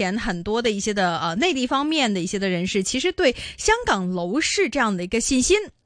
前很多的一些的呃，內地方面的一些的人士，其實對香港樓市這樣的一個信心。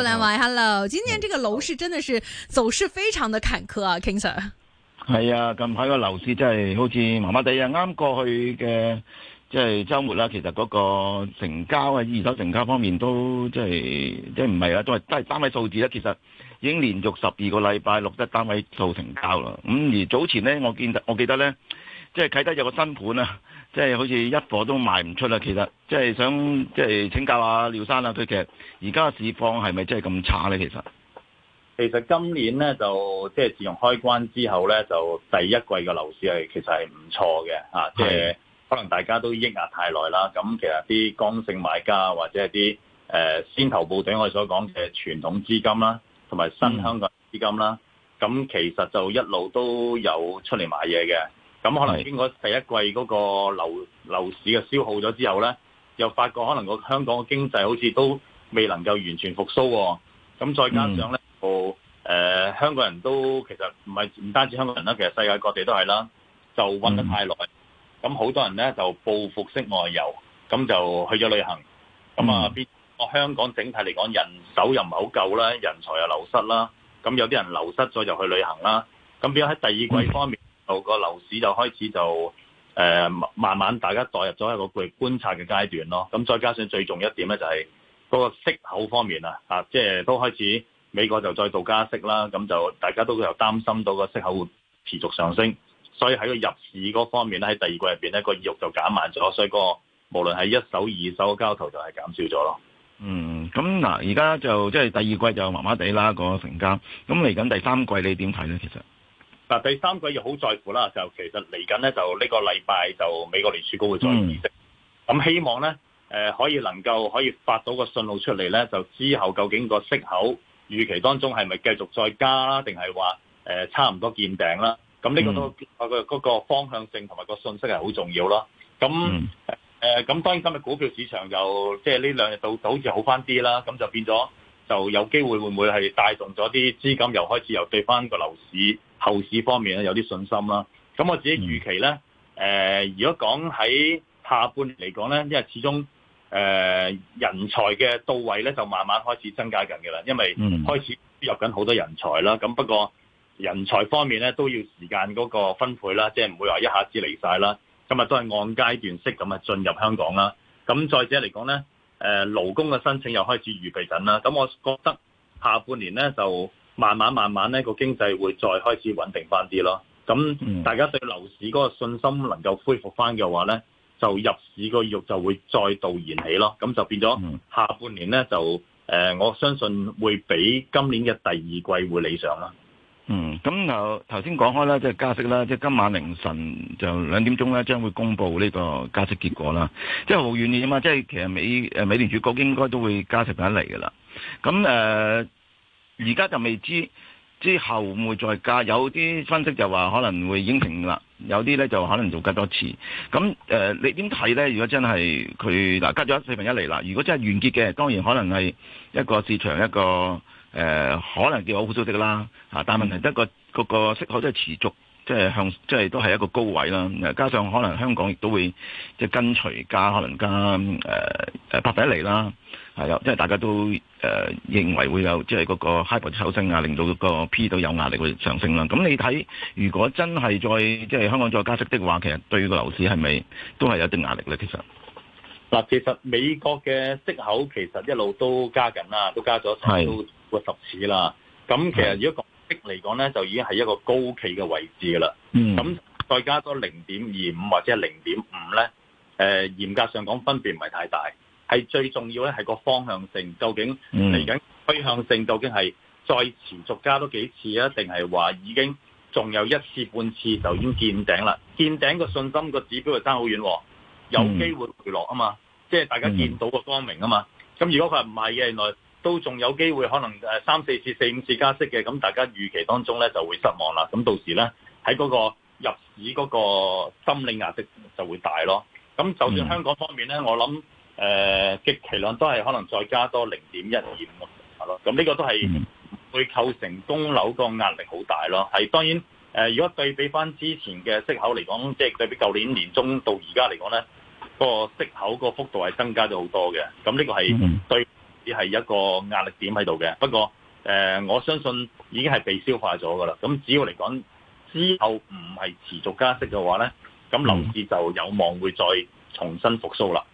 各位 Hello，今年這個樓市真的是走勢非常的坎坷啊，King Sir。係啊，近排個樓市真係好似麻麻地啊，啱過去嘅即係周末啦、啊，其實嗰個成交啊，二手成交方面都即係即係唔係啊。都係都係單位數字啦。其實已經連續十二個禮拜錄得單位數成交啦。咁而早前咧，我見得我記得咧，即係啟德有個新盤啊。即、就、係、是、好似一夥都賣唔出啦，其實即係想即係請教下廖生啊，佢其實而家市況係咪真係咁差咧？其實其實今年咧就即係、就是、自從開關之後咧，就第一季嘅樓市係其實係唔錯嘅嚇，即係、啊就是、可能大家都抑壓太耐啦。咁其實啲剛性買家或者係啲誒先頭部隊，我哋所講嘅傳統資金啦，同埋新香港資金啦，咁、嗯、其實就一路都有出嚟買嘢嘅。咁可能經過第一季嗰個樓樓市嘅消耗咗之後呢，又發覺可能個香港嘅經濟好似都未能夠完全復甦喎。咁再加上呢，好多，呃香港人都其實唔係唔單止香港人啦，其實世界各地都係啦，就混得太耐。咁好多人呢就報復式外遊，咁就去咗旅行。咁啊，邊個香港整體嚟講人手又唔係好夠啦，人才又流失啦。咁有啲人流失咗就去旅行啦。咁變咗喺第二季方面。到個樓市就開始就誒、呃、慢慢大家代入咗一個觀察嘅階段咯，咁再加上最重一點咧就係嗰個息口方面啊，即係都開始美國就再度加息啦，咁就大家都又擔心到個息口會持續上升，所以喺個入市嗰方面咧，喺第二季入邊咧個意慾就減慢咗，所以，那個無論係一手二手嘅交投就係減少咗咯。嗯，咁嗱，而家就即、是、係第二季就麻麻地啦，個成交，咁嚟緊第三季你點睇咧？其實？嗱，第三季要好在乎啦，就其實嚟緊咧，就呢個禮拜就美國聯儲局會再議息，咁、嗯、希望咧誒、呃、可以能夠可以發到個信號出嚟咧，就之後究竟個息口預期當中係咪繼續再加啦，定係話誒差唔多見頂啦？咁呢個都嗰、嗯呃嗰個方向性同埋個信息係好重要咯。咁誒咁當然今日股票市場又即係呢兩日到就好似好返啲啦，咁就變咗。就有機會會唔會係帶動咗啲資金，又開始由對翻個樓市、後市方面咧有啲信心啦。咁我自己預期咧，誒、呃，如果講喺下半年嚟講咧，因為始終誒、呃、人才嘅到位咧，就慢慢開始增加緊嘅啦。因為開始入緊好多人才啦。咁不過人才方面咧，都要時間嗰個分配啦，即係唔會話一下子嚟晒啦。咁啊，都係按階段式咁啊進入香港啦。咁再者嚟講咧。誒、呃、勞工嘅申請又開始預備緊啦，咁我覺得下半年呢，就慢慢慢慢呢個經濟會再開始穩定翻啲咯。咁大家對樓市嗰個信心能夠恢復翻嘅話呢，就入市個慾就會再度燃起咯。咁就變咗下半年呢，就誒、呃，我相信會比今年嘅第二季會理想啦。嗯，咁頭頭先講開啦，即係加息啦，即係今晚凌晨就兩點鐘咧，將會公布呢個加息結果啦。即係好願意嘅嘛，即係其實美美聯儲局應該都會加息一嚟嘅啦。咁誒而家就未知之後會唔會再加，有啲分析就話可能會已經停啦，有啲咧就可能再加多次。咁誒、呃，你點睇咧？如果真係佢嗱加咗四分一嚟啦，如果真係完結嘅，當然可能係一個市場一個。誒、呃、可能叫我好消息啦、啊、但問題得、嗰個、嗰個、息口都係持續，即、就、係、是、向，即、就、係、是就是、都係一個高位啦。加上可能香港亦都會即、就是、跟隨加，可能加誒誒、呃呃、百分一厘啦，大家都誒、呃、認為會有即係嗰個 HIBOR 上升啊，令到個 P 到有壓力會上升啦。咁你睇，如果真係再即係香港再加息的話，其實對個樓市係咪都係有一定壓力咧？其實。嗱，其實美國嘅息口其實一路都加緊啦，都加咗十個十次啦。咁其實如果講息嚟講咧，就已經係一個高企嘅位置啦。咁再加多零點二五或者係零點五咧，誒嚴格上講分別唔係太大。係最重要咧係個方向性，究竟嚟緊趨向性究竟係再持續加多幾次啊？定係話已經仲有一次半次就已經見頂啦？見頂個信心個指標就爭好遠喎。有機會回落啊嘛，即係大家見到個光明啊嘛。咁、嗯、如果佢唔係嘅，原來都仲有機會可能誒三四次、四五次加息嘅。咁大家預期當中咧就會失望啦。咁到時咧喺嗰個入市嗰個心理壓力就會大咯。咁就算香港方面咧，我諗誒、呃、極其量都係可能再加多零點一、二五咁上下咯。咁呢個都係會構成供樓個壓力好大咯。係當然誒、呃，如果對比翻之前嘅息口嚟講，即、就、係、是、對比舊年年中到而家嚟講咧。個息口個幅度係增加咗好多嘅，咁呢個係對只係一個壓力點喺度嘅。不過，誒、呃，我相信已經係被消化咗㗎啦。咁只要嚟講之後唔係持續加息嘅話呢，咁樓市就有望會再重新復甦啦。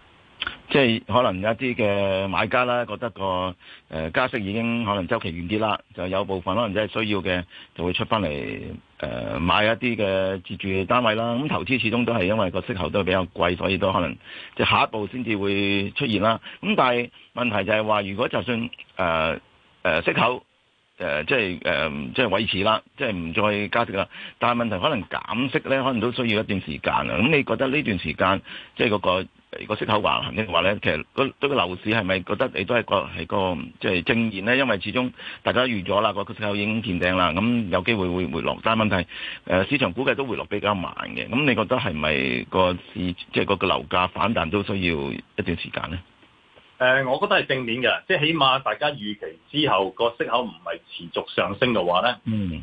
即係可能有一啲嘅買家啦，覺得個誒加息已經可能週期遠啲啦，就有部分可能真係需要嘅就會出翻嚟。誒買一啲嘅自住單位啦，咁投資始終都係因為個息口都係比較貴，所以都可能即係、就是、下一步先至會出現啦。咁但係問題就係話，如果就算誒誒、呃呃、息口誒即係誒即係維持啦，即係唔再加息啦，但係問題可能減息咧，可能都需要一段時間啊。咁你覺得呢段時間即係嗰個？個息口下行嘅話呢，其實個對個樓市係咪覺得你都係個係個即係正面呢？因為始終大家預咗啦，個息口已經見頂啦，咁有機會會回落。但係問題誒市場估計都回落比較慢嘅。咁你覺得係咪個市即係個個樓價反彈都需要一段時間呢？誒、呃，我覺得係正面嘅，即係起碼大家預期之後個息口唔係持續上升嘅話呢，喺、嗯、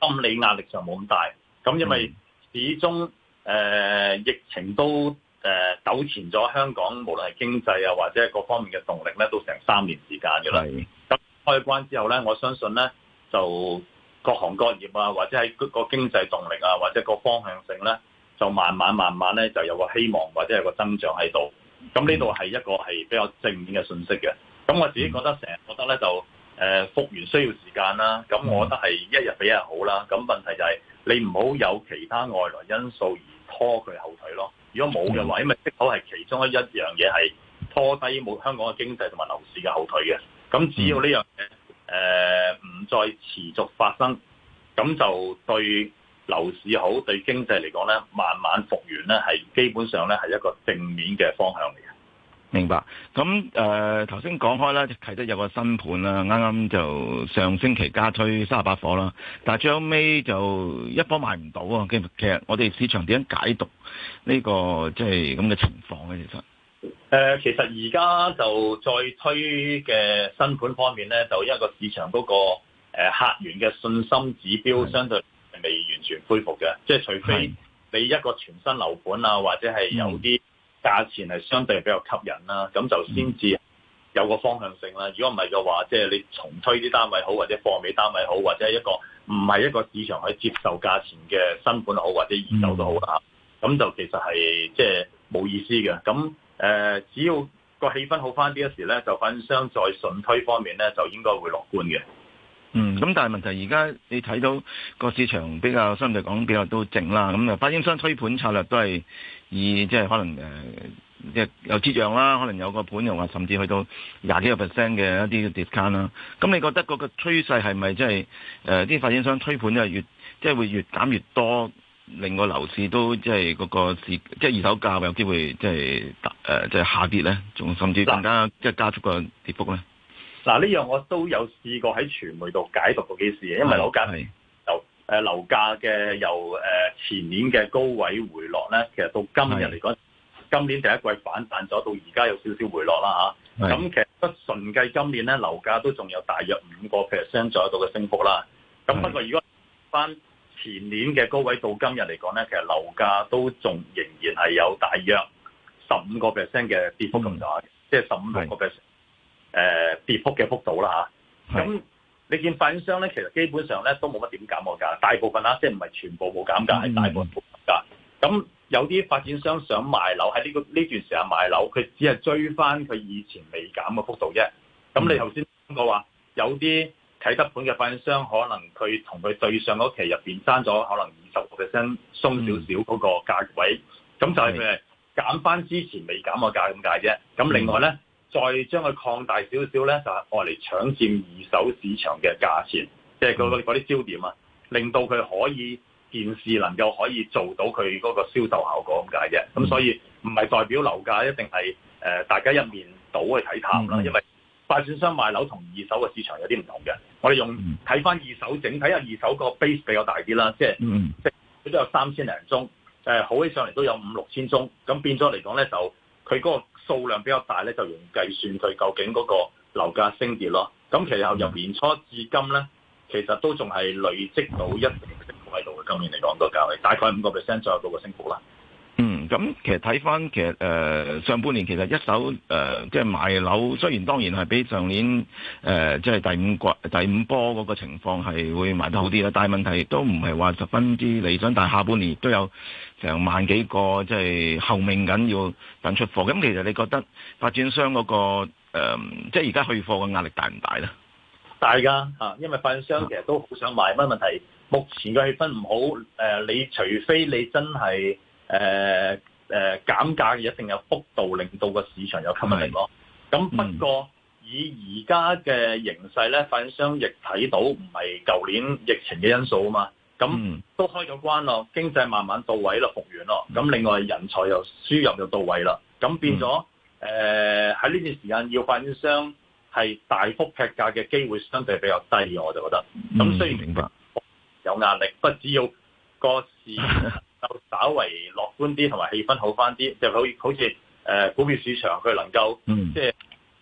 心理壓力就冇咁大。咁因為始終誒、呃、疫情都，誒糾纏咗香港，無論係經濟啊，或者係各方面嘅動力咧，都成三年時間嘅啦。咁開關之後咧，我相信咧就各行各業啊，或者係個經濟動力啊，或者個方向性咧，就慢慢慢慢咧就有個希望，或者有個增長喺度。咁呢度係一個係比較正面嘅信息嘅。咁我自己覺得成日覺得咧就誒、呃、復原需要時間啦。咁我覺得係一日比一日好啦。咁問題就係、是、你唔好有其他外來因素而拖佢後腿咯。如果冇嘅話，因為息口係其中一一樣嘢係拖低冇香港嘅經濟同埋樓市嘅後腿嘅。咁只要呢樣嘢誒唔再持續發生，咁就對樓市好，對經濟嚟講咧，慢慢復原咧，係基本上咧係一個正面嘅方向嚟嘅。明白，咁誒頭先講開就睇得有個新盤啦，啱啱就上星期加推三十八伙啦，但係最後尾就一波賣唔到啊！其實我哋市場點樣解讀呢個即係咁嘅情況咧？其實、誒、其實而家就再推嘅新盤方面咧，就一個市場嗰個誒客源嘅信心指標，相對係未完全恢復嘅，即係除非你一個全新樓盤啊，或者係有啲、嗯。價錢係相對比較吸引啦，咁就先至有個方向性啦。如果唔係嘅話，即係你重推啲單位好，或者貨尾單位好，或者係一個唔係一個市場可接受價錢嘅新盤好，或者二手都好啦。咁就其實係即係冇意思嘅。咁誒、呃，只要個氣氛好翻啲嘅時咧，就發展商再順推方面咧就應該會樂觀嘅。嗯，咁但係問題而家你睇到個市場比較，相對講比較都靜啦。咁啊，發展商推盤策略都係。以即係可能誒、呃，即係有折讓啦，可能有個盤又或甚至去到廿幾個 percent 嘅一啲 discount 啦。咁你覺得嗰個趨勢係咪即係誒啲發展商推盤咧越，即係會越減越多，令個樓市都即係嗰個市，即係二手價有機會即係誒即係下跌咧，仲甚至更加即係加速個跌幅咧？嗱，呢樣我都有試過喺傳媒度解讀過幾次嘅，因為樓價係。誒、呃，樓價嘅由誒、呃、前年嘅高位回落咧，其實到今日嚟講，今年第一季反彈咗，到而家有少少回落啦嚇。咁其實純計、呃、今年咧樓價都仲有大約五個 percent 左右度嘅升幅啦。咁不過如果翻前年嘅高位到今日嚟講咧，其實樓價都仲仍然係有大約十五個 percent 嘅跌幅咁大，即係十五六個 percent 誒跌幅嘅幅度啦嚇。咁、啊你見發展商咧，其實基本上咧都冇乜點減個價，大部分啦，即係唔係全部冇減價，係、嗯、大部分冇價。咁有啲發展商想買樓喺呢個呢段時間買樓，佢只係追翻佢以前未減嘅幅度啫。咁你頭先講過話，有啲啟德盤嘅發展商，可能佢同佢對上嗰期入面爭咗可能二十 percent 鬆少少嗰個價位，咁就係咪、嗯、減翻之前未減個價咁解啫。咁另外咧。嗯再將佢擴大少少咧，就係愛嚟搶佔二手市場嘅價錢，即係嗰嗰啲焦點啊，令到佢可以件事能夠可以做到佢嗰個銷售效果咁解啫。咁、嗯、所以唔係代表樓價一定係誒、呃、大家一面倒去睇淡啦、嗯，因為發展商賣樓同二手嘅市場有啲唔同嘅。我哋用睇翻二手整體睇下二手個 base 比較大啲啦，即係嗯、即係即係佢都有三千零宗、呃，好起上嚟都有五六千宗，咁變咗嚟講咧就佢嗰、嗰個。數量比較大咧，就容易計算佢究竟嗰個樓價升跌咯。咁其實由年初至今咧，其實都仲係累積到一定嘅升幅喺度嘅。今年嚟講個價位，大概五個 percent 左右個升幅啦。咁其實睇返其實誒、呃、上半年其實一手誒，即係買樓，雖然當然係比上年誒，即係第五季第五波嗰個情況係會買得好啲啦，但係問題都唔係話十分之理想。但係下半年都有成萬幾個，即係候命緊要等出貨。咁其實你覺得發展商嗰、那個即係而家去貨嘅壓力大唔大咧？大㗎啊，因為發展商其實都好想賣，乜、嗯、問題？目前嘅氣氛唔好誒、呃，你除非你真係。誒、呃、誒，減價嘅一定有幅度，令到個市場有吸引力咯。咁不過、嗯、以而家嘅形勢咧，發展商亦睇到唔係舊年疫情嘅因素啊嘛。咁都開咗關咯、嗯，經濟慢慢到位咯，復原咯。咁、嗯、另外人才又輸入又到位啦。咁變咗誒喺呢段時間，要發展商係大幅劈價嘅機會相對比較低，我就覺得。咁雖然有壓力，不只要個市、嗯。 就稍微樂觀啲，同埋氣氛好翻啲，就好似好似股票市場，佢能夠即係、嗯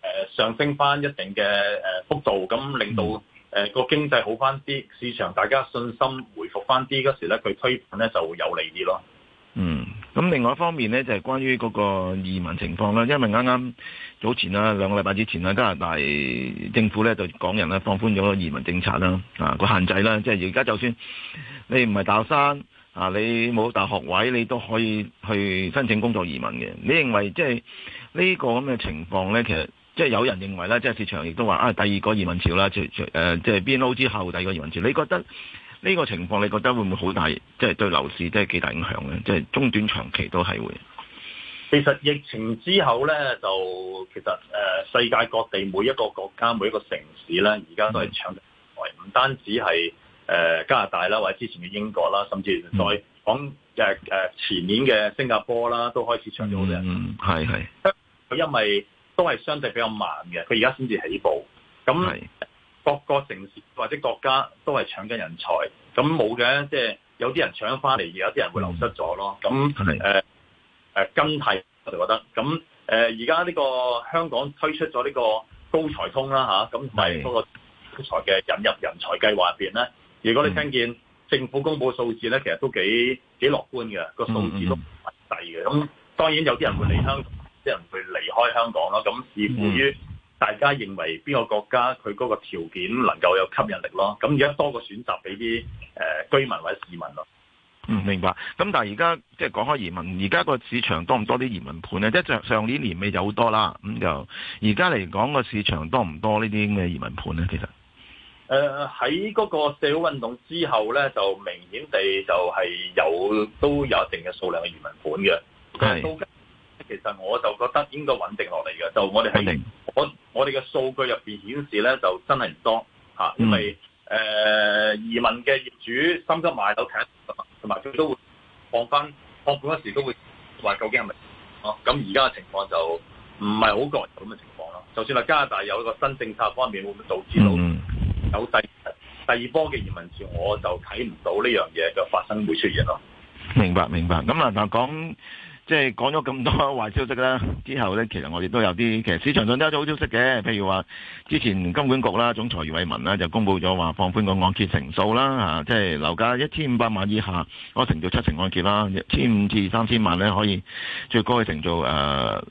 呃、上升翻一定嘅、呃、幅度，咁令到個經濟好翻啲，市場大家信心回復翻啲嗰時咧，佢推盤咧就會有利啲咯。嗯，咁另外一方面咧，就係、是、關於嗰個移民情況啦，因為啱啱早前啦，兩個禮拜之前啦，加拿大政府咧就港人咧放寬咗移民政策啦，啊、個限制啦，即係而家就算你唔係大學生。啊！你冇大學位，你都可以去申請工作移民嘅。你認為即係呢個咁嘅情況呢？其實即係有人認為呢，即係市場亦都話啊，第二個移民潮啦，即係 BNO 之後，第二個移民潮。你覺得呢個情況，你覺得會唔會好大？即係對樓市即係幾大影響呢，即係中短長期都係會。其實疫情之後呢，就其實、呃、世界各地每一個國家每一個城市呢，而家都係搶台。嗯，唔單止係。誒、呃、加拿大啦，或者之前嘅英國啦，甚至再講誒誒前年嘅新加坡啦，都開始搶咗嘅。嗯，係係。佢因為都係相對比較慢嘅，佢而家先至起步。咁各個城市或者國家都係搶緊人才。咁冇嘅，即、就、係、是、有啲人搶翻嚟，而有啲人會流失咗咯。咁誒誒跟係我哋覺得。咁誒而家呢個香港推出咗呢個高才通啦嚇，咁同埋嗰個高才嘅引入人才計劃入邊咧。如果你聽見、嗯、政府公布數字咧，其實都幾幾樂觀嘅，個數字都唔低嘅。咁、嗯、當然有啲人會離鄉，啲、嗯、人會離開香港咯。咁視乎於大家認為邊個國家佢嗰個條件能夠有吸引力咯。咁而家多個選擇俾啲誒居民或者市民咯。嗯，明白。咁但係而家即係講開移民，而家個市場多唔多啲移民盤咧？即係上上年年尾有好多啦。咁就而家嚟講個市場多唔多呢啲咁嘅移民盤咧？其實？誒、呃，喺嗰個社會運動之後咧，就明顯地就係有都有一定嘅數量嘅移民盤嘅。係，其實我就覺得應該穩定落嚟嘅。就我哋喺、嗯、我我哋嘅數據入邊顯示咧，就真係唔多吓、啊，因為誒、嗯呃、移民嘅業主心急賣樓，同埋佢都會放翻放盤嗰時都會話究竟係咪？哦、啊，咁而家嘅情況就唔係好咁嘅情況咯。就算係加拿大有一個新政策方面，會唔會導致到、嗯？第二，第二波嘅移民潮，我就睇唔到呢樣嘢嘅發生會出現咯。明白明白。咁啊，嗱講即係講咗咁多壞消息啦。之後呢，其實我哋都有啲其實市場上都有好消息嘅。譬如話之前金管局啦，總裁余偉文啦就公布咗話放寬個按揭成數啦，啊，即係樓價一千五百萬以下可以乘做成做七成按揭啦，一千五至三千萬呢，可以最高可以成做誒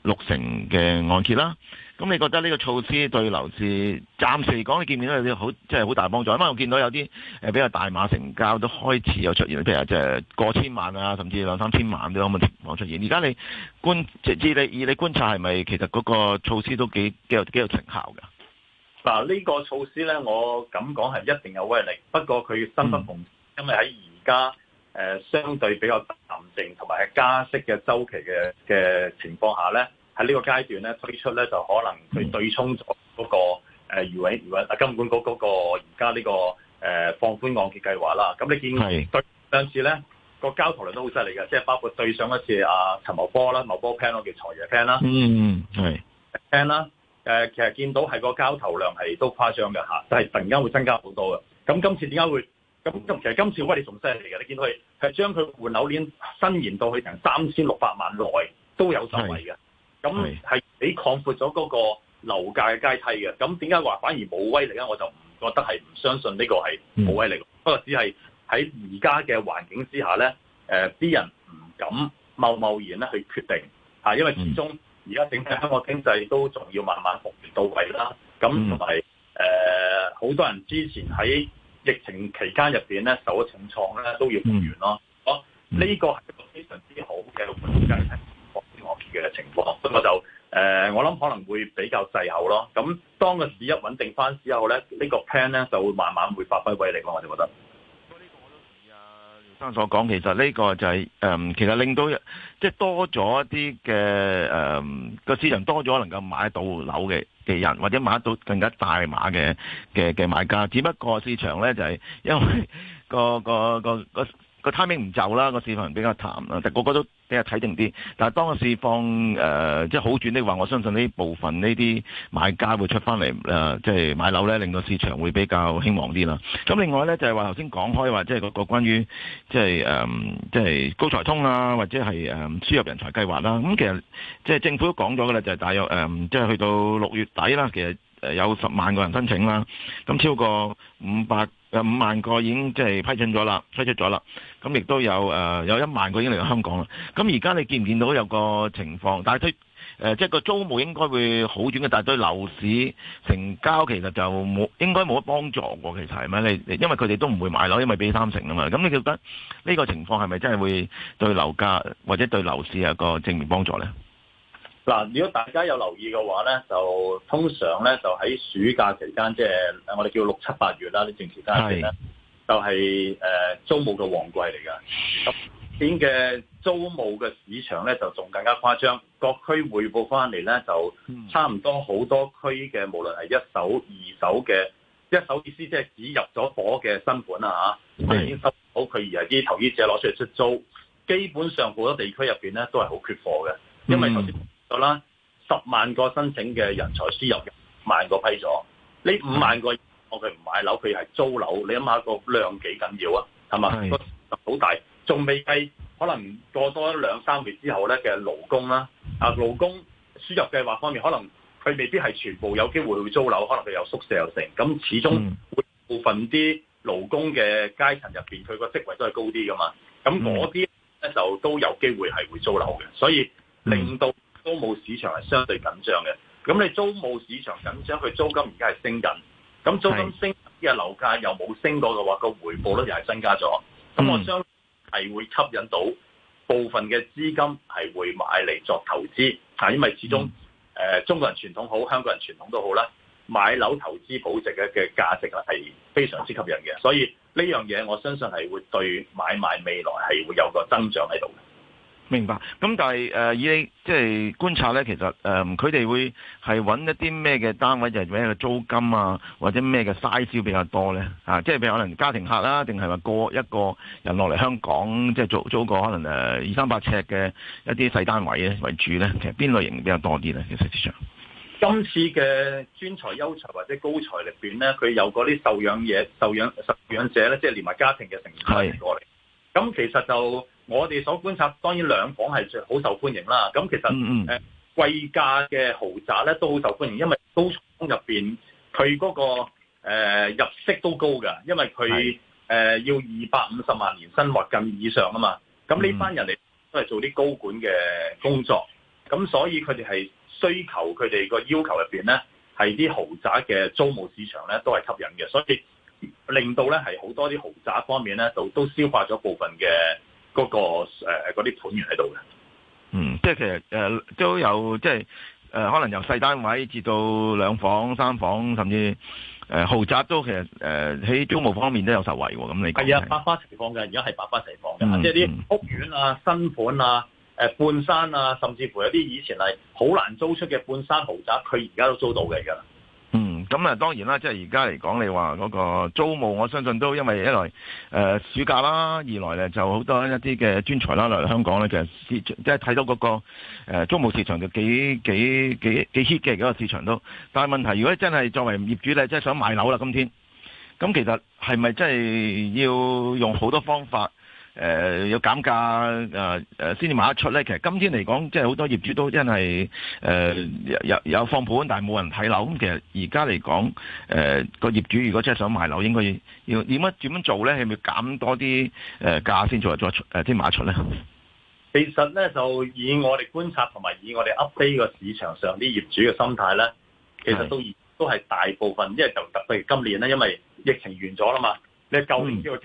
六、呃、成嘅按揭啦。咁你覺得呢個措施對樓市暫時講，你見唔見到有啲好，即係好大幫助？因為我見到有啲誒比較大碼成交都開始有出現，譬如即係過千萬啊，甚至兩三千萬啲咁嘅情況出現。而家你觀直接你以你觀察係咪其實嗰個措施都幾幾有幾有成效㗎？嗱，呢個措施咧，我咁講係一定有威力，不過佢生不逢、嗯，因為喺而家誒相對比較沉靜，同埋係加息嘅周期嘅嘅情況下咧。喺呢個階段咧推出咧，就可能去對沖咗嗰、那個誒余偉余偉啊金管局嗰個而家呢個誒、呃、放寬按揭計劃啦。咁你見對上次咧、那個交投量都好犀利嘅，即係包括對上一次阿、啊、陳茂波啦、茂波 plan 咯嘅財爺 plan 啦、嗯，嗯嗯係 plan 啦。誒、呃，其實見到係個交投量係都誇張嘅吓，就係、是、突然間會增加好多嘅。咁今次點解會咁今其實今次喂你仲犀利嘅，你見佢係將佢換樓鏈伸延到去成三千六百萬內都有作為嘅。咁係俾擴闊咗嗰個樓價嘅階梯嘅，咁點解話反而冇威力咧？我就唔覺得係唔相信呢個係冇威力、嗯，不過只係喺而家嘅環境之下咧，啲、呃、人唔敢貿貿然咧去決定、啊、因為始終而家整體香港經濟都仲要慢慢復原到位啦，咁同埋誒好多人之前喺疫情期間入面咧受咗重創咧都要復原咯，哦、嗯，呢、啊嗯、個係一個非常之好嘅路點情況，咁我就、呃、我諗可能會比較滯後咯。咁當個市一穩定翻之後咧，這個、呢個 plan 咧就會慢慢會發揮威力咯。我哋覺得，不過呢個我都係、啊、廖生所講，其實呢個就係、是、誒、嗯，其實令到即係多咗一啲嘅誒個市場多咗能夠買到樓嘅嘅人，或者買到更加大碼嘅嘅嘅買家。只不過市場咧就係、是、因為個個個個。個個個 timing 唔就啦，個市場比較淡啦，但個個都比較睇定啲。但係當個市況誒即係好轉的話，我相信呢部分呢啲買家會出翻嚟誒，即係買樓咧，令到市場會比較興旺啲啦。咁另外咧就係話頭先講開話，即係個個關於即係誒即係高才通啊，或者係誒輸入人才計劃啦。咁其實即係政府都講咗嘅咧，就係大約誒，即係去到六月底啦，其實誒有十萬個人申請啦，咁超過五百。有五萬個已經即係批准咗啦，推出咗啦，咁亦都有誒、呃、有一萬個已經嚟到香港啦。咁而家你見唔見到有個情況？但係對誒，即、呃、係、就是、個租務應該會好轉嘅，但係對樓市成交其實就冇應該冇乜幫助喎、啊。其實係咪你？因為佢哋都唔會買樓，因為俾三成啊嘛。咁你覺得呢個情況係咪真係會對樓價或者對樓市有個正面幫助呢？嗱，如果大家有留意嘅話咧，就通常咧就喺暑假期間，即係我哋叫六七八月啦，呢段期間咧，就係、是、誒、就是呃、租務嘅旺季嚟㗎。咁今年嘅租務嘅市場咧就仲更加誇張。各區匯報翻嚟咧就差唔多好多區嘅，無論係一手、二手嘅一手意思即係指入咗夥嘅新盤啦嚇，已經、啊、收好佢而係啲投資者攞出嚟出租。基本上好多地區入邊咧都係好缺貨嘅，因為頭先。就啦，十萬個申請嘅人才輸入，萬個批咗呢五萬個人，我佢唔買樓，佢係租樓。你諗下個量幾緊要啊，係嘛個好大，仲未計可能過多一兩三個月之後咧嘅勞工啦，啊，勞工輸入計劃方面，可能佢未必係全部有機會去租樓，可能佢有宿舍又剩，咁始終會、嗯、部分啲勞工嘅階層入邊，佢個職位都係高啲噶嘛，咁嗰啲咧就都有機會係會租樓嘅，所以、嗯、令到。租務市場係相對緊張嘅，咁你租務市場緊張，佢租金而家係升緊，咁租金升，而家樓價又冇升過嘅話，個回報率又係增加咗，咁我相信係會吸引到部分嘅資金係會買嚟作投資，啊，因為始終誒、呃，中國人傳統好，香港人傳統都好啦，買樓投資保值嘅嘅價值咧係非常之吸引嘅，所以呢樣嘢我相信係會對買賣未來係會有個增長喺度。明白，咁但係誒、呃、以你即係觀察咧，其實誒佢哋會係揾一啲咩嘅單位，就揾、係、個租金啊，或者咩嘅 size 比較多咧？嚇、啊，即係譬如可能家庭客啦，定係話過一個人落嚟香港，即係租租個可能誒二三百尺嘅一啲細單位咧為主咧。其實邊類型比較多啲咧？其實市場今次嘅專才優才或者高才裏面咧，佢有嗰啲受養嘢、受養受養者咧，即係連埋家庭嘅成員過嚟。咁其實就。我哋所觀察，當然兩房係好受歡迎啦。咁其實誒貴價嘅豪宅咧都好受歡迎，因為高層入邊佢嗰個、呃、入息都高嘅，因為佢誒、呃、要二百五十萬年薪或近以上啊嘛。咁呢班人嚟都係做啲高管嘅工作，咁所以佢哋係需求佢哋個要求入邊咧係啲豪宅嘅租務市場咧都係吸引嘅，所以令到咧係好多啲豪宅方面咧都都消化咗部分嘅。嗰、嗰個嗰啲、呃、盤源喺度嘅，嗯，即係其實誒、呃、都有，即係誒、呃、可能由細單位至到兩房、三房，甚至誒、呃、豪宅都其實誒喺、呃、租務方面都有受惠喎。咁你講，係啊，百花齊放嘅，而家係百花齊放㗎、嗯，即係啲屋苑啊、新盤啊、誒、呃、半山啊，甚至乎有啲以前係好難租出嘅半山豪宅，佢而家都租到嘅而家。咁啊，當然啦，即係而家嚟講，你話嗰個租務，我相信都因為一來誒暑假啦，二來咧就好多一啲嘅專才啦嚟香港咧，其實市即係睇到嗰個租務市場就幾幾幾幾 hit 嘅嗰個市場都。但係問題，如果真係作為業主咧，即係想買樓啦，今天咁其實係咪真係要用好多方法？誒有減價誒先至賣得出咧。其實今天嚟講，即係好多業主都真係誒、呃、有有有放盤，但係冇人睇樓。咁其實而家嚟講，誒、呃、個業主如果真係想賣樓，應該要點乜點樣做咧？係咪要減多啲誒、呃、價先做啊？再誒先賣得出咧？其實咧，就以我哋觀察同埋以，以我哋 update 個市場上啲業主嘅心態咧，其實都都係大部分，因為就特別如今年咧，因為疫情完咗啦嘛，你舊年嘅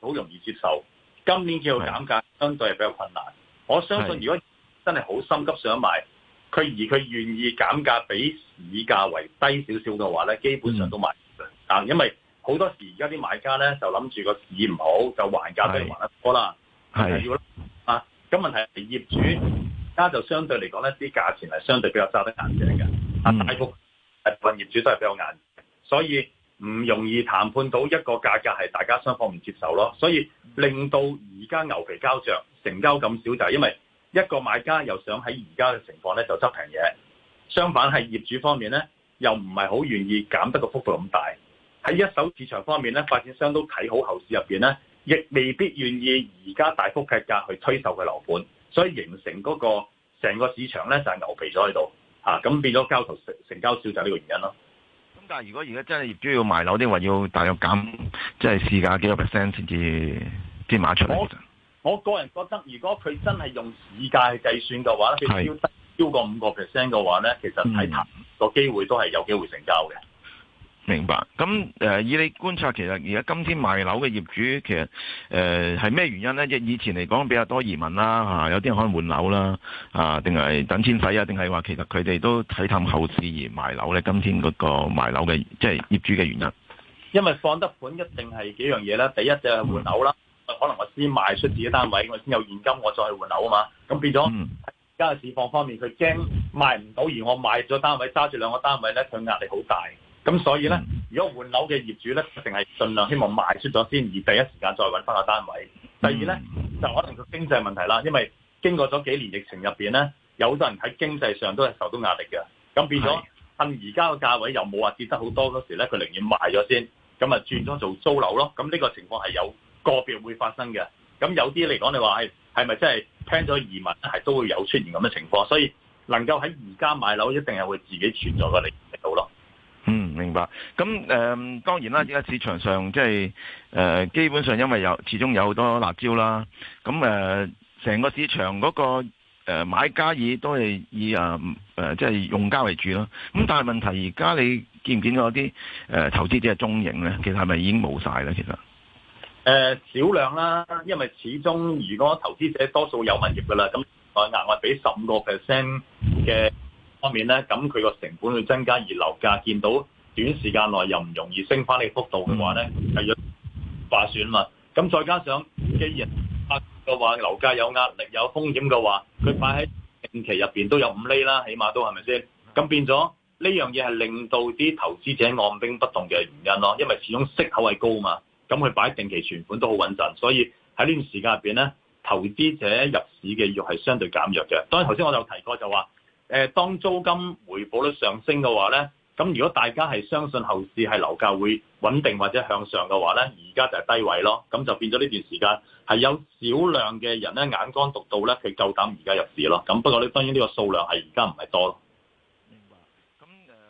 好容易接受。嗯今年叫做減價，相對係比較困難。我相信如果真係好心急想買，佢而佢願意減價比市價為低少少嘅話咧，基本上都買唔到。啊，但因為好多時而家啲買家咧就諗住個市唔好，就還價都要還得多啦。係要啦啊！咁問題係業主家就相對嚟講咧，啲價錢係相對比較揸得硬淨嘅。啊，但大部分業主都係比較硬，所以。唔容易談判到一個價格係大家雙方唔接受咯，所以令到而家牛皮膠着成交咁少就係因為一個買家又想喺而家嘅情況咧就執平嘢，相反係業主方面咧又唔係好願意減得個幅度咁大，喺一手市場方面咧發展商都睇好後市入面咧，亦未必願意而家大幅劈價去推售嘅樓盤，所以形成嗰、那個成個市場咧就係、是、牛皮咗喺度嚇，咁、啊、變咗交投成成交少就係呢個原因咯。但如果而家真係業主要賣樓，啲話要大約減，即係市價幾個 percent 先至先賣出嚟。我個人覺得，如果佢真係用市價去計算嘅話，佢要超過五個 percent 嘅話咧，其實係談個機會都係有機會成交嘅。嗯明白，咁誒、呃、以你觀察，其實而家今天賣樓嘅業主，其實誒係咩原因咧？即以前嚟講比較多移民啦，嚇、啊、有啲人可能換樓啦，啊定係等錢使啊，定係話其實佢哋都睇淡後市而賣樓咧。今天嗰個賣樓嘅即係業主嘅原因，因為放得盤一定係幾樣嘢啦。第一就係換樓啦，可能我先賣出自己單位，我先有現金，我再去換樓啊嘛。咁變咗，加上市況方面，佢驚賣唔到，而我買咗單位揸住兩個單位咧，佢壓力好大。咁所以咧，如果換樓嘅業主咧，一定係盡量希望賣出咗先，而第一時間再搵翻個單位。第二咧，就可能個經濟問題啦，因為經過咗幾年疫情入面咧，有好多人喺經濟上都係受到壓力嘅。咁變咗，趁而家個價位又冇話跌得好多嗰時咧，佢寧願賣咗先，咁啊轉咗做租樓咯。咁呢個情況係有個別會發生嘅。咁有啲嚟講，你話係係咪真係聽咗移民，係都會有出現咁嘅情況。所以能夠喺而家買樓，一定係會自己存在嘅力力咯。明白，咁誒、呃、當然啦，而家市場上即係誒、呃、基本上，因為有始終有好多辣招啦，咁誒成個市場嗰、那個誒、呃、買家以都係以誒、呃、即係用家為主咯。咁但係問題而家你見唔見到啲誒、呃、投資者嘅蹤影咧？其實係咪已經冇晒咧？其實誒、呃、少量啦，因為始終如果投資者多數有物業噶啦，咁按額外俾十五個 percent 嘅方面咧，咁佢個成本去增加熱流價，而樓價見到。短時間內又唔容易升翻你幅度嘅話咧，係要划算嘛。咁再加上既然嘅話樓價有壓力、有風險嘅話，佢擺喺定期入面都有五厘啦，起碼都係咪先？咁變咗呢樣嘢係令到啲投資者按兵不動嘅原因咯，因為始終息口係高嘛。咁佢擺定期存款都好穩陣，所以喺呢段時間入面咧，投資者入市嘅意欲係相對減弱嘅。當然頭先我就提過就話，誒當租金回報率上升嘅話咧。咁如果大家係相信後市係樓價會穩定或者向上嘅話咧，而家就係低位咯，咁就變咗呢段時間係有少量嘅人咧，眼光獨到咧，佢夠膽而家入市咯。咁不過呢，當然呢個數量係而家唔係多咯。咁、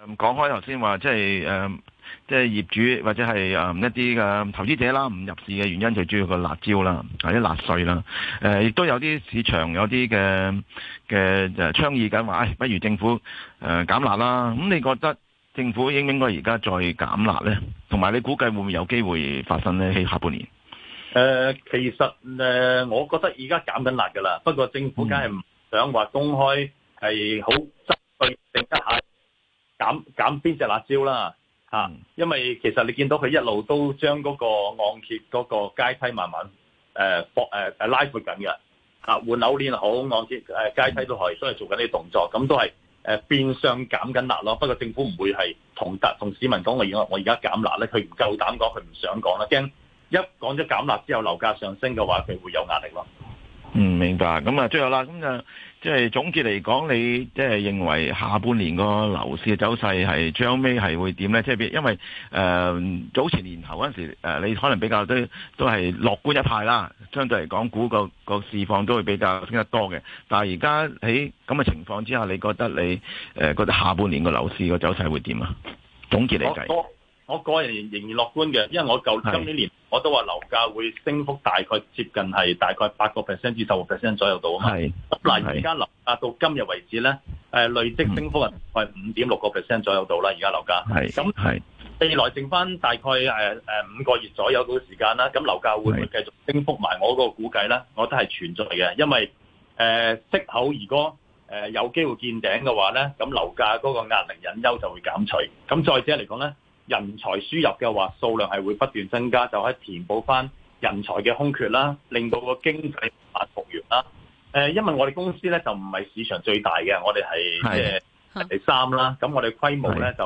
嗯、誒講開頭先話，即係、嗯、即係業主或者係誒一啲嘅、啊、投資者啦，唔入市嘅原因就主要個辣招啦，或者辣稅啦。誒、啊、亦都有啲市場有啲嘅嘅就倡議緊話，不、哎、如政府、呃、減辣啦。咁、啊、你覺得？政府應唔應該而家再減辣呢？同埋你估計會唔會有機會發生呢？喺下半年。呃、其實、呃、我覺得而家減緊辣㗎喇。不過政府梗係唔想話公開係好針對定一下減減邊隻辣椒啦嚇、啊嗯、因為其實你見到佢一路都將嗰個按揭嗰個階梯慢慢誒拉闊緊㗎。換樓鏈好按揭誒階梯都可以都係，所以做緊啲動作咁都係。誒變相減緊辣咯，不過政府唔會係同同市民講我而我而家減辣咧，佢唔夠膽講，佢唔想講啦，驚一講咗減辣之後樓價上升嘅話，佢會有壓力咯。嗯，明白。咁啊，最後啦，咁就。即係總結嚟講，你即係認為下半年個樓市嘅走勢係最後尾係會點呢？即係因為誒、呃、早前年頭嗰陣時、呃、你可能比較都都係樂觀一派啦。相對嚟講，股個個市況都會比較升得多嘅。但係而家喺咁嘅情況之下，你覺得你誒、呃、覺得下半年個樓市個走勢會點啊？總結嚟計，我我個人仍然樂觀嘅，因為我就今年年。我都話樓價會升幅大概接近係大概八個 percent 至十個 percent 左右到。啊嘛。嗱而家樓價到今日為止咧，誒、呃、累積升幅係五點六個 percent 左右到啦。而家樓價係咁，未來剩翻大概誒誒五個月左右嘅時間啦。咁樓價會唔會繼續升幅埋，我嗰個估計咧，我都係存在嘅。因為誒、呃、息口如果誒、呃、有機會見頂嘅話咧，咁樓價嗰個壓力隱憂就會減除。咁再者嚟講咧。人才輸入嘅話，數量係會不斷增加，就可以填補翻人才嘅空缺啦，令到個經濟復復原啦。誒，因為我哋公司咧就唔係市場最大嘅，我哋係即係第三啦。咁我哋規模咧就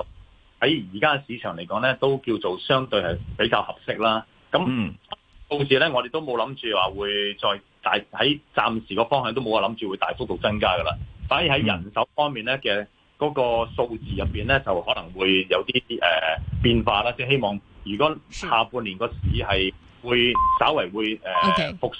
喺而家嘅市場嚟講咧，都叫做相對係比較合適啦。咁到時咧，我哋都冇諗住話會再大，喺暫時個方向都冇話諗住會大幅度增加噶啦。反而喺人手方面咧嘅。嗰、那個數字入邊咧，就可能會有啲誒、呃、變化啦。即、就、係、是、希望，如果下半年個市係會稍微會誒。復、呃。Okay.